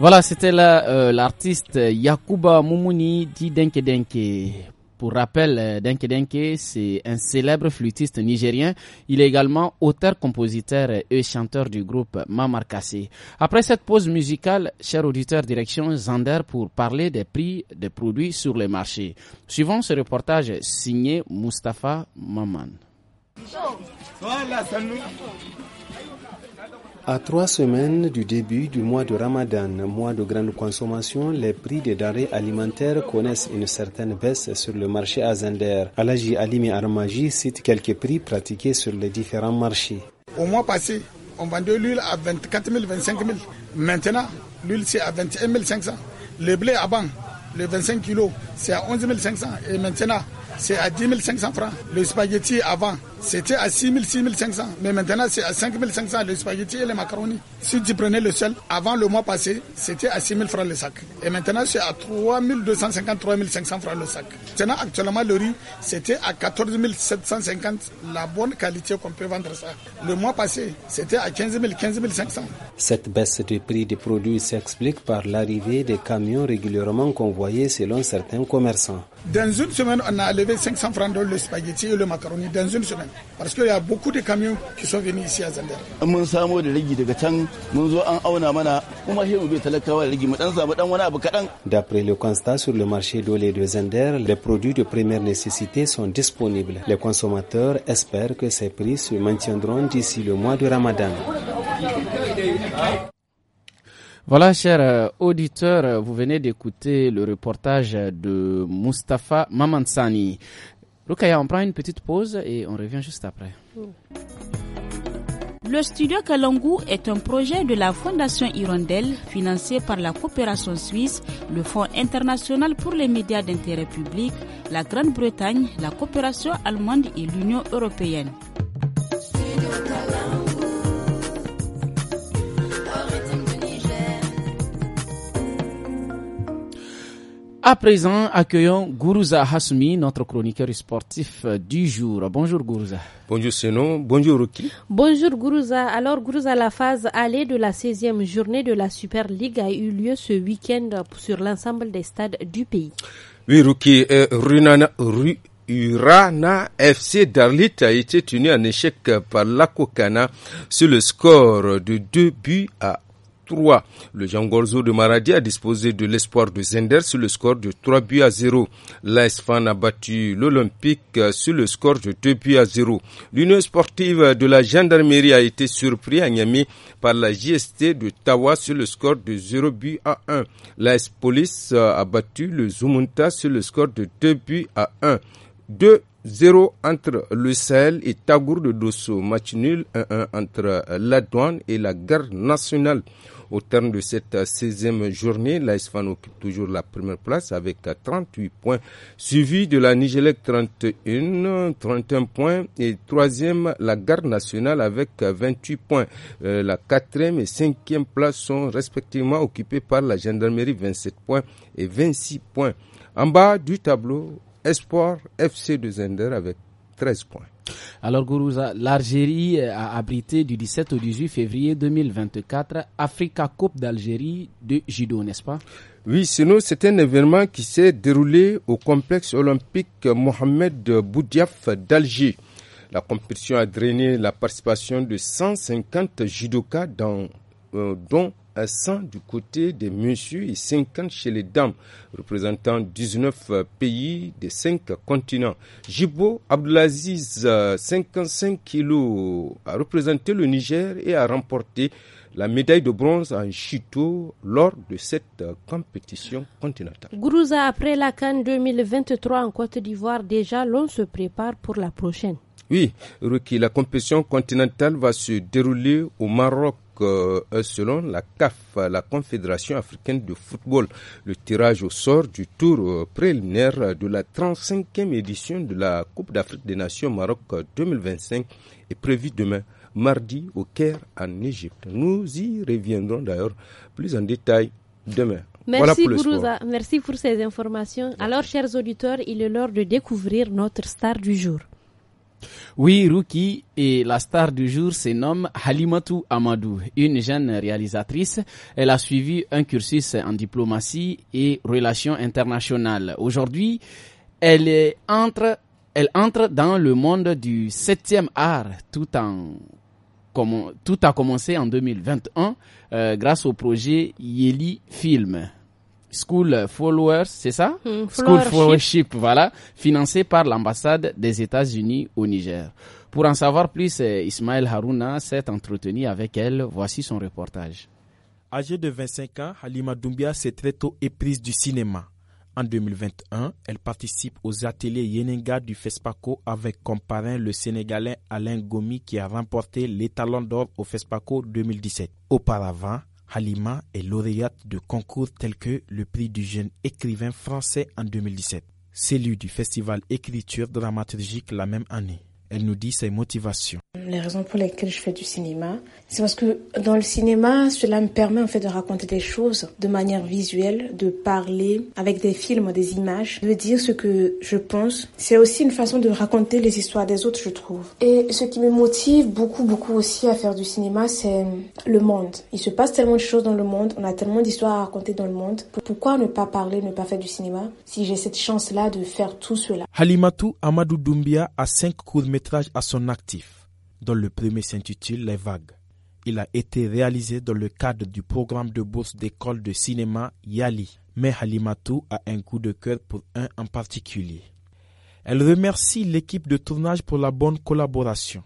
Voilà, c'était euh, l'artiste Yakuba Mumuni dit Denke Denke. Pour rappel, euh, Denke Denke, c'est un célèbre flûtiste nigérien. Il est également auteur, compositeur et chanteur du groupe Mamar Après cette pause musicale, cher auditeur, direction Zander pour parler des prix des produits sur les marchés. Suivant ce reportage signé Mustapha Maman. À trois semaines du début du mois de Ramadan, mois de grande consommation, les prix des denrées alimentaires connaissent une certaine baisse sur le marché azender. al Alaji Alimi Armaji cite quelques prix pratiqués sur les différents marchés. Au mois passé, on vendait l'huile à 24 000, 25 000. Maintenant, l'huile c'est à 21 500. Le blé avant, le 25 kg, c'est à 11 500. Et maintenant, c'est à 10 500 francs. Le spaghetti avant, c'était à 6 000, 6 500. Mais maintenant, c'est à 5 500 les spaghettis et les macaronis. Si tu prenais le sel, avant le mois passé, c'était à 6 000 francs le sac. Et maintenant, c'est à 3 250, 3 500 francs le sac. Maintenant, actuellement, le riz, c'était à 14 750, la bonne qualité qu'on peut vendre ça. Le mois passé, c'était à 15 000, 15 500. Cette baisse du prix des produits s'explique par l'arrivée des camions régulièrement convoyés selon certains commerçants. Dans une semaine, on a levé 500 francs le spaghetti et le macaroni. Dans une semaine parce qu'il y a beaucoup de camions qui sont venus ici à Zender. d'après le constat sur le marché de lait de Zender les produits de première nécessité sont disponibles les consommateurs espèrent que ces prix se maintiendront d'ici le mois de Ramadan voilà, chers euh, auditeurs, vous venez d'écouter le reportage de Mustapha Mamansani. OK, on prend une petite pause et on revient juste après. Le studio Kalangu est un projet de la Fondation Hirondelle financé par la coopération suisse, le Fonds international pour les médias d'intérêt public, la Grande-Bretagne, la coopération allemande et l'Union européenne. À présent, accueillons Gourouza Hasmi, notre chroniqueur sportif du jour. Bonjour Gourouza. Bonjour Seno, bonjour Ruki. Bonjour Gourouza. Alors Gourouza, la phase allée de la 16e journée de la Super League a eu lieu ce week-end sur l'ensemble des stades du pays. Oui Ruki, euh, Runana, FC Darlit a été tenu en échec par l'Akokana sur le score de 2 buts à le Jean Gorzo de Maradi a disposé de l'espoir de Zender sur le score de 3 buts à 0. L'ASFAN a battu l'Olympique sur le score de 2 buts à 0. L'Union sportive de la gendarmerie a été surpris à Niamey par la JST de Tawa sur le score de 0 buts à 1. L'AS Police a battu le Zumunta sur le score de 2 buts à 1. 2 0 entre le Sahel et Tagour de Dosso. Match nul 1-1 entre la douane et la garde nationale. Au terme de cette 16e journée, l'ASFAN occupe toujours la première place avec 38 points, suivi de la Nigélec 31, 31 points et troisième la Garde nationale avec 28 points. Euh, la quatrième et cinquième place sont respectivement occupées par la gendarmerie 27 points et 26 points. En bas du tableau, Espoir FC de Zender avec points. Alors Gourouza, l'Algérie a abrité du 17 au 18 février 2024 Africa Coupe d'Algérie de judo, n'est-ce pas Oui, sinon c'est un événement qui s'est déroulé au complexe olympique Mohamed Boudiaf d'Alger. La compétition a drainé la participation de 150 judokas dans, euh, dont 100 du côté des messieurs et 50 chez les dames, représentant 19 euh, pays des 5 continents. Jibo Abdelaziz, 55 euh, kilos, a représenté le Niger et a remporté la médaille de bronze en Chito lors de cette euh, compétition continentale. Gourouza, après la Cannes 2023 en Côte d'Ivoire, déjà l'on se prépare pour la prochaine. Oui, Ruki, la compétition continentale va se dérouler au Maroc euh, selon la CAF, la Confédération africaine de football. Le tirage au sort du tour euh, préliminaire de la 35e édition de la Coupe d'Afrique des Nations Maroc 2025 est prévu demain mardi au Caire en Égypte. Nous y reviendrons d'ailleurs plus en détail demain. Merci, pour merci pour ces informations. Alors, chers auditeurs, il est l'heure de découvrir notre star du jour. Oui, Ruki, et la star du jour se nomme Halimatu Amadou, une jeune réalisatrice. Elle a suivi un cursus en diplomatie et relations internationales. Aujourd'hui, elle entre elle entre dans le monde du septième art tout en tout a commencé en 2021 euh, grâce au projet Yeli Film. School Followers, c'est ça hmm, School Followership, voilà, financé par l'ambassade des États-Unis au Niger. Pour en savoir plus, eh, Ismaël Harouna s'est entretenu avec elle. Voici son reportage. Âgée de 25 ans, Halima Doumbia s'est très tôt éprise du cinéma. En 2021, elle participe aux ateliers Yenenga du FESPACO avec comme parrain le Sénégalais Alain Gomi qui a remporté l'étalon d'or au FESPACO 2017. Auparavant, Halima est lauréate de concours tels que le prix du jeune écrivain français en 2017, celui du Festival Écriture dramaturgique la même année. Elle nous dit ses motivations. Les raisons pour lesquelles je fais du cinéma, c'est parce que dans le cinéma, cela me permet en fait de raconter des choses de manière visuelle, de parler avec des films, des images, de dire ce que je pense. C'est aussi une façon de raconter les histoires des autres, je trouve. Et ce qui me motive beaucoup, beaucoup aussi à faire du cinéma, c'est le monde. Il se passe tellement de choses dans le monde, on a tellement d'histoires à raconter dans le monde. Pourquoi ne pas parler, ne pas faire du cinéma si j'ai cette chance-là de faire tout cela Halimatu Amadou Doumbia a cinq courts à son actif, dont le premier s'intitule Les Vagues. Il a été réalisé dans le cadre du programme de bourse d'école de cinéma Yali, mais Halimatou a un coup de cœur pour un en particulier. Elle remercie l'équipe de tournage pour la bonne collaboration.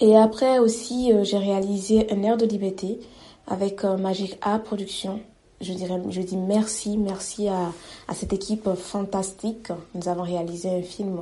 Et après aussi, euh, j'ai réalisé Un air de liberté avec euh, Magic A Production. Je, dirais, je dis merci, merci à, à cette équipe euh, fantastique. Nous avons réalisé un film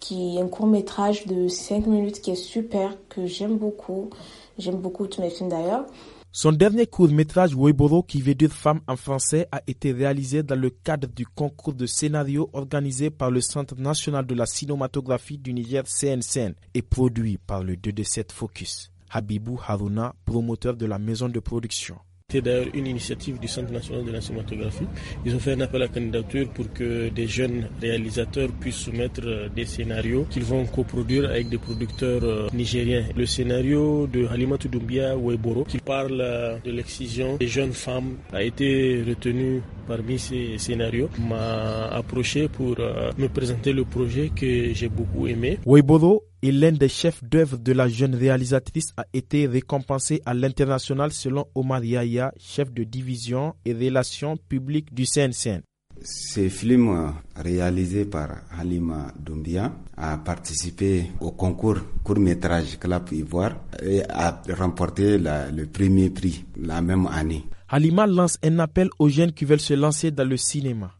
qui est un court métrage de 5 minutes qui est super, que j'aime beaucoup. J'aime beaucoup tous mes films d'ailleurs. Son dernier court métrage Weiboro, qui veut dire femme en français, a été réalisé dans le cadre du concours de scénario organisé par le Centre national de la cinématographie du Niger CNCN et produit par le 2D7 Focus. Habibou Haruna, promoteur de la maison de production. C'était d'ailleurs une initiative du Centre national de la cinématographie. Ils ont fait un appel à candidature pour que des jeunes réalisateurs puissent soumettre euh, des scénarios qu'ils vont coproduire avec des producteurs euh, nigériens. Le scénario de Halima Doumbia Weboro, qui parle euh, de l'excision des jeunes femmes, a été retenu parmi ces scénarios, m'a approché pour me présenter le projet que j'ai beaucoup aimé. Weboro et l'un des chefs d'œuvre de la jeune réalisatrice a été récompensé à l'international selon Omar Yaya, chef de division et relations publiques du CNCN. Ce film euh, réalisé par Halima Doumbia a participé au concours court-métrage Clap Ivoire et a remporté le premier prix la même année. Halima lance un appel aux jeunes qui veulent se lancer dans le cinéma.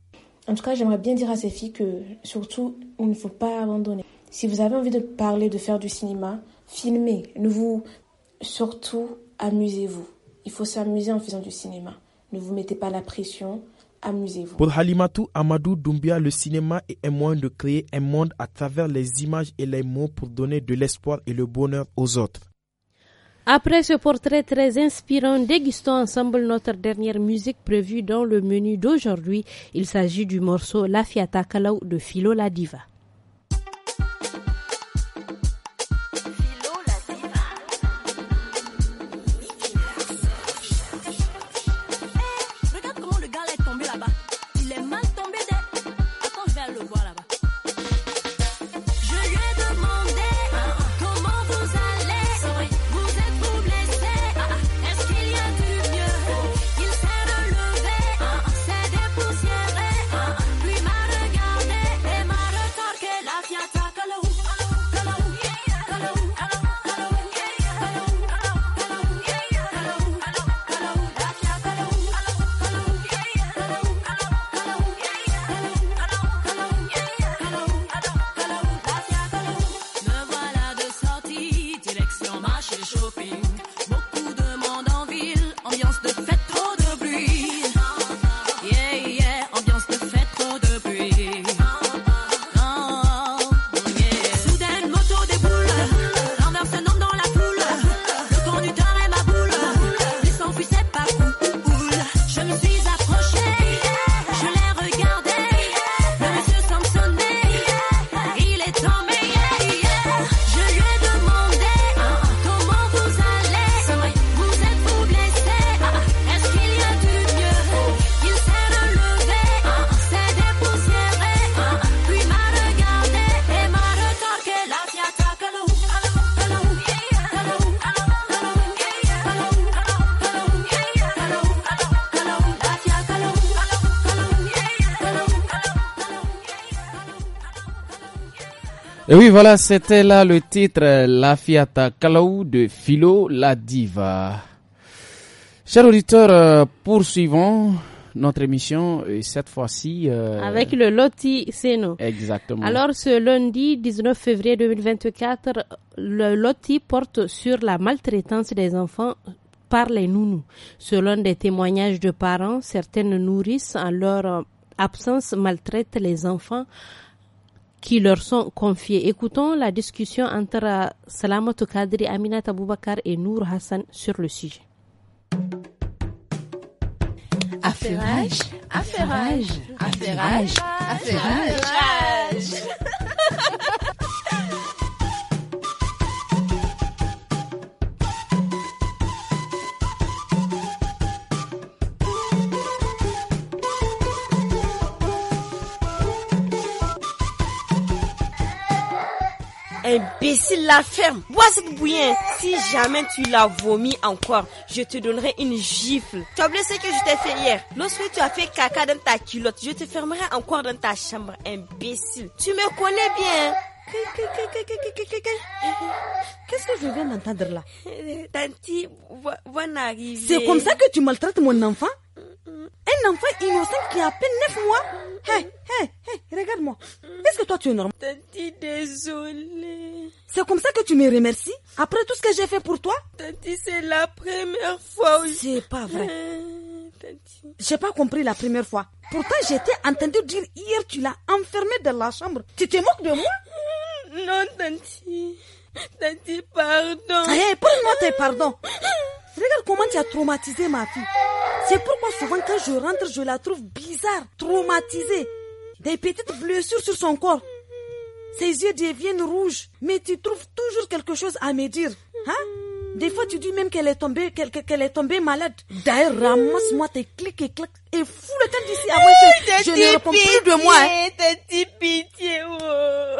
En tout cas, j'aimerais bien dire à ces filles que surtout, il ne faut pas abandonner. Si vous avez envie de parler, de faire du cinéma, filmez. vous surtout amusez-vous. Il faut s'amuser en faisant du cinéma. Ne vous mettez pas la pression. Amusez-vous. Pour Halimatu Amadou Doumbia, le cinéma est un moyen de créer un monde à travers les images et les mots pour donner de l'espoir et le bonheur aux autres. Après ce portrait très inspirant, dégustons ensemble notre dernière musique prévue dans le menu d'aujourd'hui. Il s'agit du morceau La Fiata Kalau de Philo La Diva. I'll be. Oui, voilà, c'était là le titre La Fiata Kalaou de Philo La Diva. Chers auditeurs, euh, poursuivons notre émission et cette fois-ci euh, avec le loti Seno. Exactement. Alors ce lundi 19 février 2024, le loti porte sur la maltraitance des enfants par les nounous. Selon des témoignages de parents, certaines nourrices en leur absence maltraitent les enfants qui leur sont confiés. Écoutons la discussion entre euh, Salamot Kadri, Aminata Boubakar et Nour Hassan sur le sujet. Affairage, affairage, affairage, affairage. imbécile, la ferme. Bois ce bouillon. Hein. Si jamais tu l'as vomi encore, je te donnerai une gifle. Tu as blessé ce que je t'ai fait hier. Lorsque tu as fait caca dans ta culotte, je te fermerai encore dans ta chambre, imbécile. Tu me connais bien. Hein. Qu'est-ce que je viens d'entendre là <laughs> Tanti, C'est comme ça que tu maltraites mon enfant un enfant innocent qui a à peine 9 mois Hé, hé, hé, regarde-moi. Est-ce que toi tu es normal Tati, désolée. C'est comme ça que tu me remercies Après tout ce que j'ai fait pour toi Tati, c'est la première fois où... C'est pas vrai. Ah, j'ai pas compris la première fois. Pourtant, j'étais entendu dire hier, tu l'as enfermé dans la chambre. Tu te moques de moi mm, Non, Tanti dit pardon. Hey, eh, moi tes pardons. Regarde comment tu as traumatisé ma fille. C'est pourquoi souvent quand je rentre, je la trouve bizarre, traumatisée. Des petites blessures sur son corps. Ses yeux deviennent rouges, mais tu trouves toujours quelque chose à me dire. Hein? Des fois, tu dis même qu'elle est tombée, qu'elle est tombée malade. D'ailleurs, ramasse-moi tes clics et clics et fous le temps d'ici avant que je ne réponds plus de moi. Hein. pitié, oh.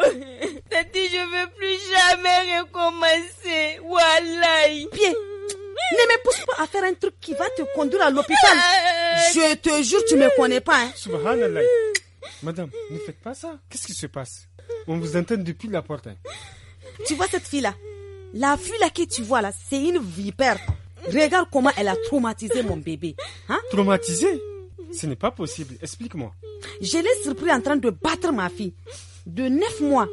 je veux plus jamais recommencer. Voilà Ne me pousse pas à faire un truc qui va te conduire à l'hôpital. Je te jure, tu ne me connais pas. Hein. Subhanallah. Madame, ne faites pas ça. Qu'est-ce qui se passe On vous entend depuis la porte. Hein. Tu vois cette fille-là la fille là que tu vois là, c'est une vipère. Regarde comment elle a traumatisé mon bébé. Hein? Traumatisé Ce n'est pas possible. Explique-moi. Je l'ai surpris en train de battre ma fille de neuf mois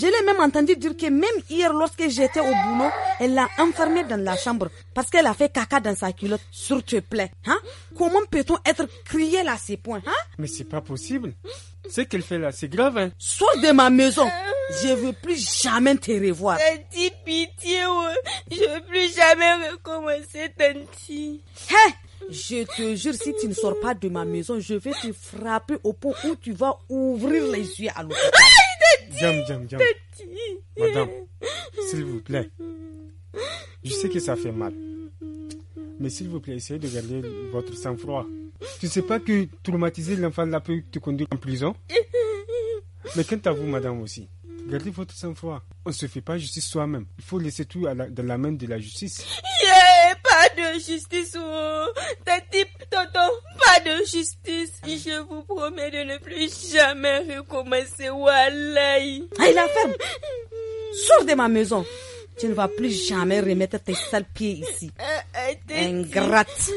je l'ai même entendu dire que même hier, lorsque j'étais au boulot, elle l'a enfermée dans la chambre parce qu'elle a fait caca dans sa culotte, s'il te plaît. Hein? Comment peut-on être cruel à ces points hein? Mais c'est pas possible. Ce qu'elle fait là, c'est grave. Hein. Sors de ma maison. Je veux plus jamais te revoir. Tanti, eh, pitié. Je veux plus jamais recommencer, Tanti. Hein? Je te jure, si tu ne sors pas de ma maison, je vais te frapper au pot où tu vas ouvrir les yeux à l'hôpital. Madame, s'il vous plaît. Je sais que ça fait mal. Mais s'il vous plaît, essayez de garder votre sang-froid. Tu sais pas que traumatiser l'enfant là peut te conduire en prison Mais quant à vous, madame aussi, gardez votre sang-froid. On se fait pas justice soi-même. Il faut laisser tout la, dans la main de la justice pas de justice oh. Tati, tonton, pas de justice. Je vous promets de ne plus jamais recommencer. walaï Aïe, ah, la femme. Sors de ma maison. Tu ne vas plus jamais remettre tes sales pieds ici. Euh, euh, Ingrate.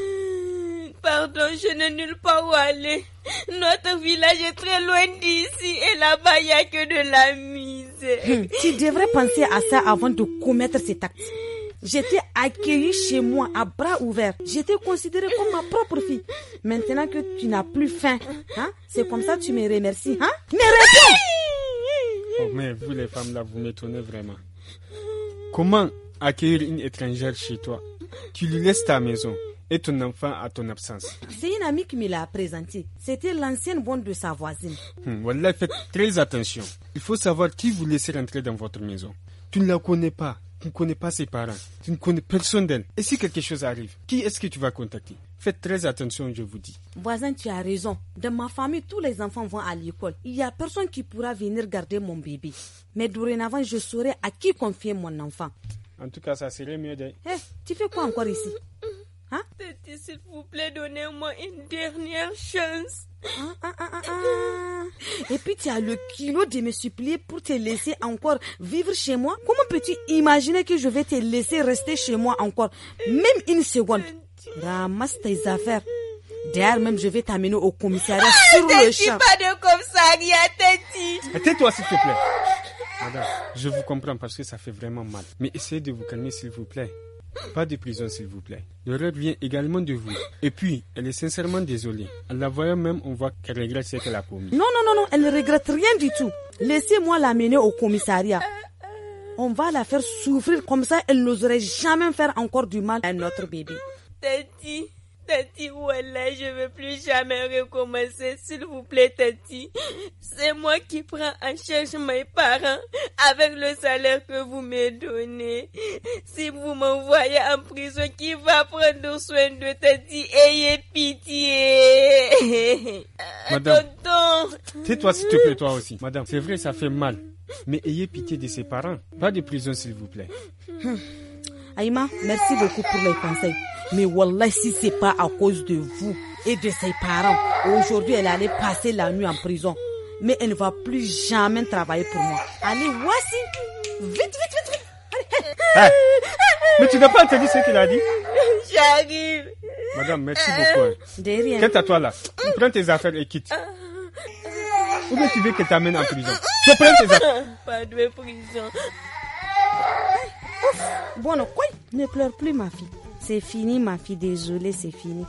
Pardon, je n'ai nulle part où aller. Notre village est très loin d'ici et là-bas, il n'y a que de la misère. Hmm, tu devrais penser à ça avant de commettre cet acte. J'étais accueillie chez moi à bras ouverts. J'étais considérée comme ma propre fille. Maintenant que tu n'as plus faim, hein, c'est comme ça que tu me remercies. Hein? Mais réponds oh, Mais vous les femmes là, vous m'étonnez vraiment. Comment accueillir une étrangère chez toi Tu lui laisses ta maison et ton enfant à ton absence. C'est une amie qui me l'a présenté. C'était l'ancienne bonne de sa voisine. Hmm, voilà, faites très attention. Il faut savoir qui vous laissez rentrer dans votre maison. Tu ne la connais pas tu ne connais pas ses parents, tu ne connais personne d'elle. Et si quelque chose arrive, qui est-ce que tu vas contacter Faites très attention, je vous dis. Voisin, tu as raison. Dans ma famille, tous les enfants vont à l'école. Il n'y a personne qui pourra venir garder mon bébé. Mais dorénavant, je saurai à qui confier mon enfant. En tout cas, ça serait mieux de... Hé, eh, tu fais quoi encore ici Hein? S'il vous plaît, donnez-moi une dernière chance. Ah, ah, ah, Et puis tu as le kilo de me supplier pour te laisser encore vivre chez moi. Comment peux-tu imaginer que je vais te laisser rester chez moi encore, même une seconde Ramasse tes affaires. D'ailleurs, même, je vais t'amener au commissariat sur le champ. pas de comme commissariat, Tati. Eh, tais-toi, s'il te plaît. Madame, je vous comprends parce que ça fait vraiment mal. Mais essayez de vous calmer, s'il vous plaît. Pas de prison, s'il vous plaît. rêve vient également de vous. Et puis, elle est sincèrement désolée. En la voyant même, on voit qu'elle regrette ce qu'elle a commis. Non, non, non, elle ne regrette rien du tout. Laissez-moi l'amener au commissariat. On va la faire souffrir comme ça, elle n'oserait jamais faire encore du mal à notre bébé. Tati, voilà, je ne veux plus jamais recommencer. S'il vous plaît, Tati. C'est moi qui prends en charge mes parents avec le salaire que vous m'avez donné. Si vous m'envoyez en prison, qui va prendre soin de Tati Ayez pitié. Madame. Tais-toi, s'il te plaît, toi aussi. Madame, c'est vrai, ça fait mal. Mais ayez pitié de ses parents. Pas de prison, s'il vous plaît. Aïma, merci beaucoup pour les conseils. Mais Wallah, si c'est pas à cause de vous et de ses parents, aujourd'hui, elle allait passer la nuit en prison. Mais elle ne va plus jamais travailler pour moi. Allez, voici. Vite, vite, vite, vite. mais tu n'as pas entendu ce qu'il a dit J'arrive. Madame, merci beaucoup. Hein. De rien. à toi là. Prends tes affaires et quitte. Ou que tu veux qu'elle t'amène en prison Tu prends tes affaires. Pas de prison. Bon, quoi Ne pleure plus, ma fille. C'est fini, ma fille, désolée, c'est fini.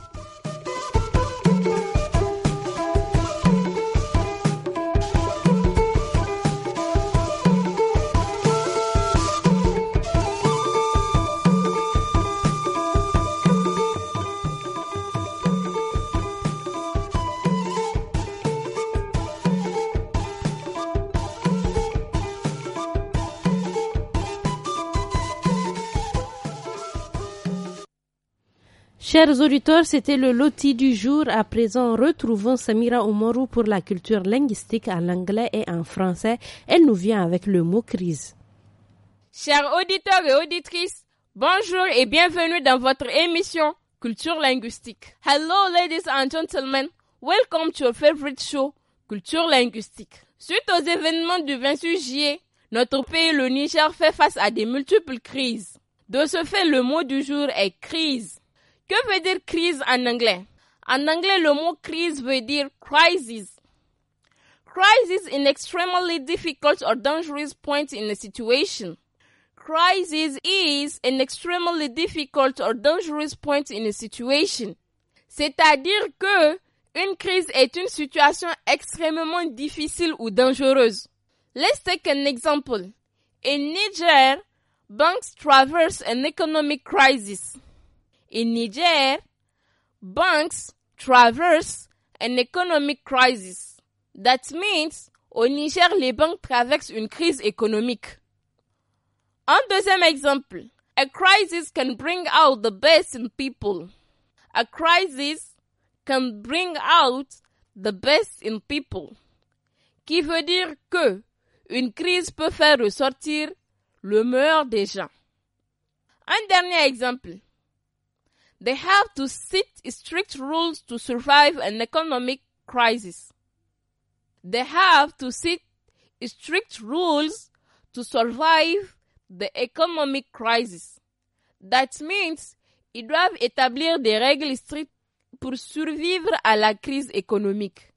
Chers auditeurs, c'était le loti du jour. À présent, retrouvons Samira Oumarou pour la culture linguistique en anglais et en français. Elle nous vient avec le mot crise. Chers auditeurs et auditrices, bonjour et bienvenue dans votre émission Culture linguistique. Hello ladies and gentlemen, welcome to your favorite show Culture linguistique. Suite aux événements du 28 juillet, notre pays, le Niger, fait face à des multiples crises. De ce fait, le mot du jour est crise. Que veut dire crise en anglais En anglais, le mot crise veut dire crisis. Crisis is an extremely difficult or dangerous point in a situation. Crisis is an extremely difficult or dangerous point in a situation. C'est-à-dire que une crise est une situation extrêmement difficile ou dangereuse. Let's take an example. In Niger, banks traverse an economic crisis in Niger, banks traverse an economic crisis. That means au Niger, les banques traversent une crise économique. Un deuxième exemple. A crisis can bring out the best in people. A crisis can bring out the best in people. Qui veut dire que une crise peut faire ressortir le meilleur des gens. Un dernier exemple. They have to set strict rules to survive an economic crisis. They have to set strict rules to survive the economic crisis. That means ils doivent établir des règles strictes pour survivre à la crise économique.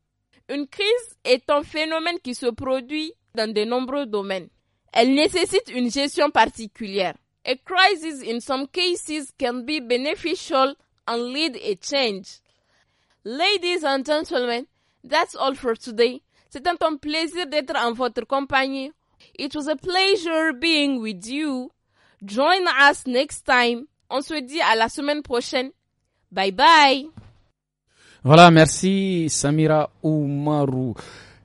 Une crise est un phénomène qui se produit dans de nombreux domaines. Elle nécessite une gestion particulière. A crisis in some cases can be beneficial and lead a change. Ladies and gentlemen, that's all for today. C'est un plaisir d'être en votre compagnie. It was a pleasure being with you. Join us next time. On se dit à la semaine prochaine. Bye bye. Voilà, merci Samira Oumarou.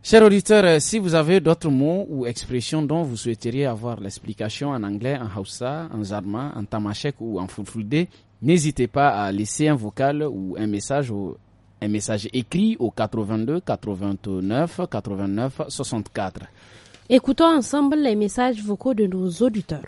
Chers auditeurs, euh, si vous avez d'autres mots ou expressions dont vous souhaiteriez avoir l'explication en anglais, en Hausa, en Zarma, en Tamashek ou en Fulfulde, n'hésitez pas à laisser un vocal ou un message un message écrit au 82 89 89 64. Écoutons ensemble les messages vocaux de nos auditeurs.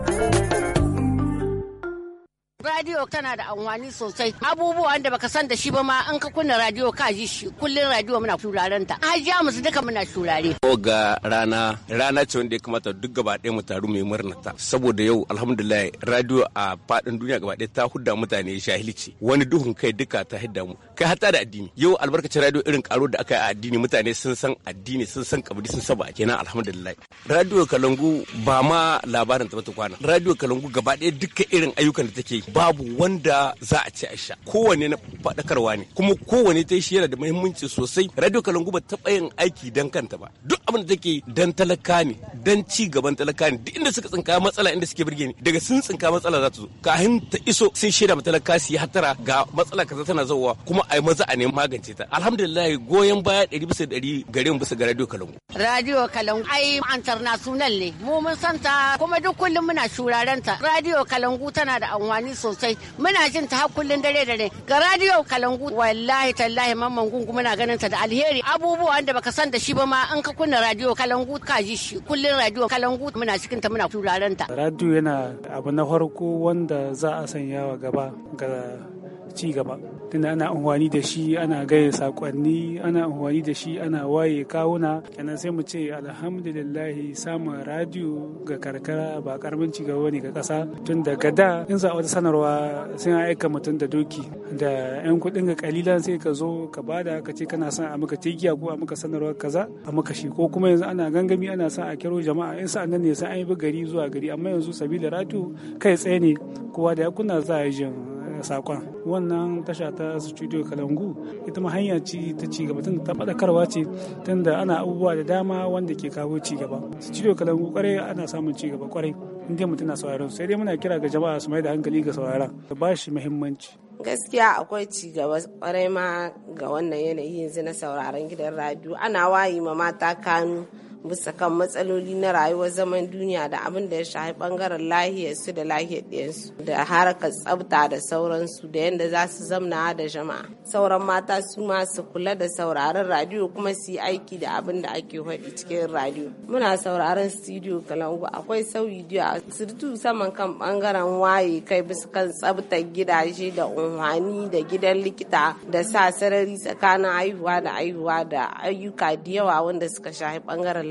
Radio tana da amfani sosai. Abubuwan da baka san da shi ba ma an ka kunna radio ka ji shi. Kullun radio muna turaren ta. jiya musu duka muna turare. Ko ga rana, rana ce wanda ya kamata duk gaba ɗaya mu taru mai murna ta. Saboda yau alhamdulillah radio a faɗin duniya gaba ɗaya ta hudda mutane shahilci. Wani duhun kai duka ta hidda mu. Kai hatta da addini. Yau albarkaci radio irin karo da aka yi a addini mutane sun san addini sun san kabili sun saba kenan alhamdulillah. Radio Kalangu ba ma labarin ta kwana. Radio Kalangu gaba ɗaya duka irin ayyukan da take babu wanda za a ci a sha kowane na faɗakarwa ne kuma kowane ta shi yana da muhimmanci sosai radio kalangu ba taɓa yin aiki dan kanta ba duk abin da take dan talaka ne dan ci gaban talaka ne duk inda suka tsinka matsala inda suke birge ni daga sun tsinka matsala za ta zo kafin ta iso sun shaida ma talaka su yi hatara ga matsala kaza tana zauwa kuma a yi maza a nemi. magance ta alhamdulillah goyon baya ɗari bisa ɗari garin bisa ga radio kalangu. radio kalangu ai international ne mu mun santa kuma duk kullum muna shuraren ta radio kalangu tana da amfani sosai muna jin ta kullun dare dare ga radio kalangu wallahi tallahi mamman gungu muna ganin ta da alheri abubuwa da baka san da shi ba ma an ka kunna radio kalangu ka ji shi kullun radio kalangu muna cikin ta muna turaren ta radio yana abu na farko wanda za a sanya wa gaba ga ci gaba tunda ana unguwani da shi ana gaya sakonni ana unguwani da shi ana waye kawuna kenan sai mu ce alhamdulillah samun radiyo ga karkara ba karamin ci gaba ne ga kasa tun daga da in za wata sanarwa sun aika mutum da doki da yan kuɗin ga kalilan sai ka zo ka bada ka ce kana son a maka tigiya ko a maka sanarwar kaza a maka shi ko kuma yanzu ana gangami ana son a kiro jama'a in sa'an nan ne sai an yi gari zuwa gari amma yanzu sabila radiyo kai tsaye ne kowa da ya kunna za a yi jin sakon wannan tasha ta studio kalangu ita ma hanya ce ta ci gaba tun ta faɗakarwa ce tunda ana abubuwa da dama wanda ke kawo ci gaba studio kalangu kwarai ana samun ci gaba kwarai inda mutum na sauraron sai dai muna kira ga jama'a su mai da hankali ga sauraron da ba shi muhimmanci gaskiya akwai ci gaba kwarai ma ga wannan yanayi yanzu na sauraron gidan radio ana wayi ma mata kanu bisa kan matsaloli na rayuwar zaman duniya da abin da ya shafi bangaren lahiyarsu da lahiyar ɗiyansu da haraka tsabta da sauransu da yadda za su zamna da jama'a sauran mata su ma su kula da sauraron radio kuma su yi aiki da abin da ake haɗi cikin radio. muna sauraron studio kalangu akwai sauyi da sirtu saman kan bangaren waye kai bisa kan tsabtar gidaje da unhwani da gidan likita da sa sarari tsakanin haihuwa da aihuwa da ayyuka da yawa wanda suka shafi bangaren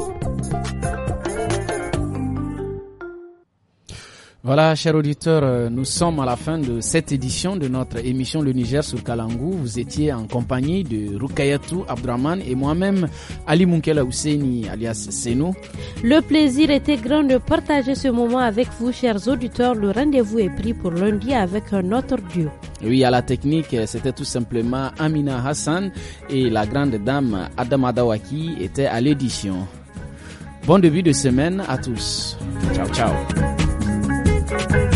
Voilà, chers auditeurs, euh, nous sommes à la fin de cette édition de notre émission Le Niger sur Kalangou. Vous étiez en compagnie de Rukayatou Abdraman et moi-même, Ali Munkela alias Seno. Le plaisir était grand de partager ce moment avec vous, chers auditeurs. Le rendez-vous est pris pour lundi avec un autre duo. Oui, à la technique, euh, c'était tout simplement Amina Hassan et la grande dame Adam Adawaki était à l'édition. Bon début de semaine à tous. Ciao, ciao. crazy.